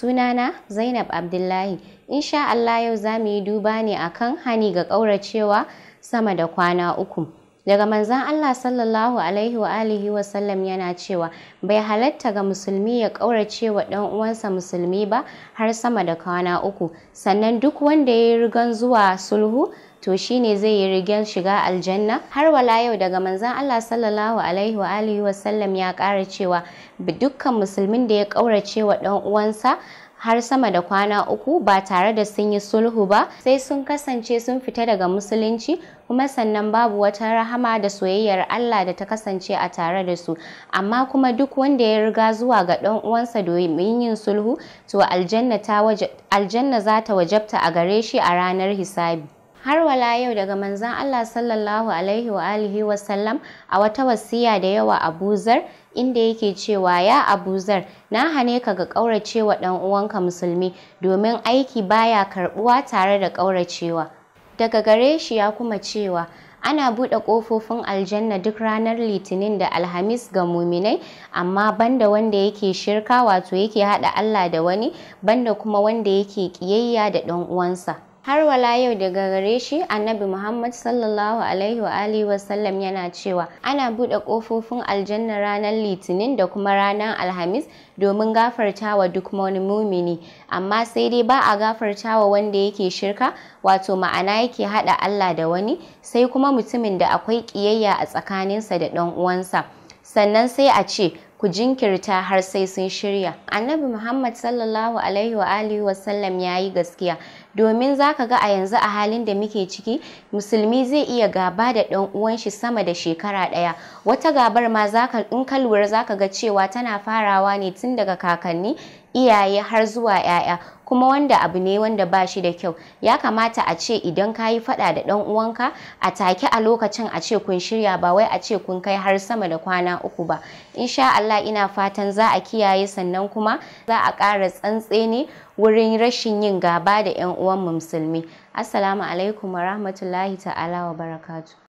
sunana zainab abdullahi insha allah yau za mu yi duba ne akan hani ga ƙauracewa sama da kwana uku daga manzan Allah sallallahu alaihi wa alihi wa sallam yana cewa bai halatta ga musulmi ya ƙaurace wa ɗan uwansa musulmi ba har sama da kwana uku sannan duk wanda ya yi rigan zuwa sulhu to shine zai yi rigen shiga aljanna har wala yau daga manzan Allah sallallahu alaihi wa alihi wa sallam ya ƙara cewa dukkan musulmin da ya ƙaurace wa ɗan uwansa har sama da kwana uku ba tare da sun yi sulhu ba sai sun kasance sun fita daga musulunci kuma sannan babu wata rahama da soyayyar Allah da ta kasance a tare da su amma kuma duk wanda ya riga zuwa ga ɗan uwansa domin yin sulhu to aljanna za ta wajabta a gare shi a ranar hisabi har wala yau daga manzan Allah sallallahu alaihi wa alihi wa a wata wasiya da yawa abuzar inda yake cewa ya abuzar na hane ka ga kauracewa dan uwanka musulmi domin aiki baya karbuwa tare da kauracewa daga gare shi ya kuma cewa ana buɗe ƙofofin aljanna duk ranar litinin da alhamis ga muminai amma banda wanda yake shirka wato yake haɗa allah da wani banda kuma wanda yake ƙiyayya da ɗan uwansa har wala yau daga gare shi annabi muhammad sallallahu alaihi wa alihi wasallam yana cewa ana buɗe kofofin aljanna ranar litinin da kuma ranar alhamis domin gafarta wa duk wani mumini amma sai dai ba a gafarta wa wanda yake shirka wato ma'ana yake haɗa allah da wani sai kuma mutumin da akwai ƙiyayya a tsakaninsa da ɗan uwansa sannan sai a ce ku jinkirta har sai sun shirya annabi muhammad sallallahu alaihi wa alihi ya yi gaskiya domin za ka ga a yanzu a halin da muke ciki musulmi zai iya gaba da ɗan uwan shi sama da shekara ɗaya wata gabar ma zaka in ka lura za ga cewa tana farawa ne tun daga kakanni iyaye har zuwa 'ya'ya kuma wanda abu ne wanda ba shi da kyau ya kamata a ce idan ka yi faɗa da ɗan uwanka a take a lokacin a ce kun shirya ba wai a ce kun kai har sama da kwana uku ba insha Allah ina fatan za a kiyaye sannan kuma za a ƙara ne wurin rashin yin gaba da 'yan uwan musulmi assalamu alaikum wa rahmatullahi ta'ala wa barakatu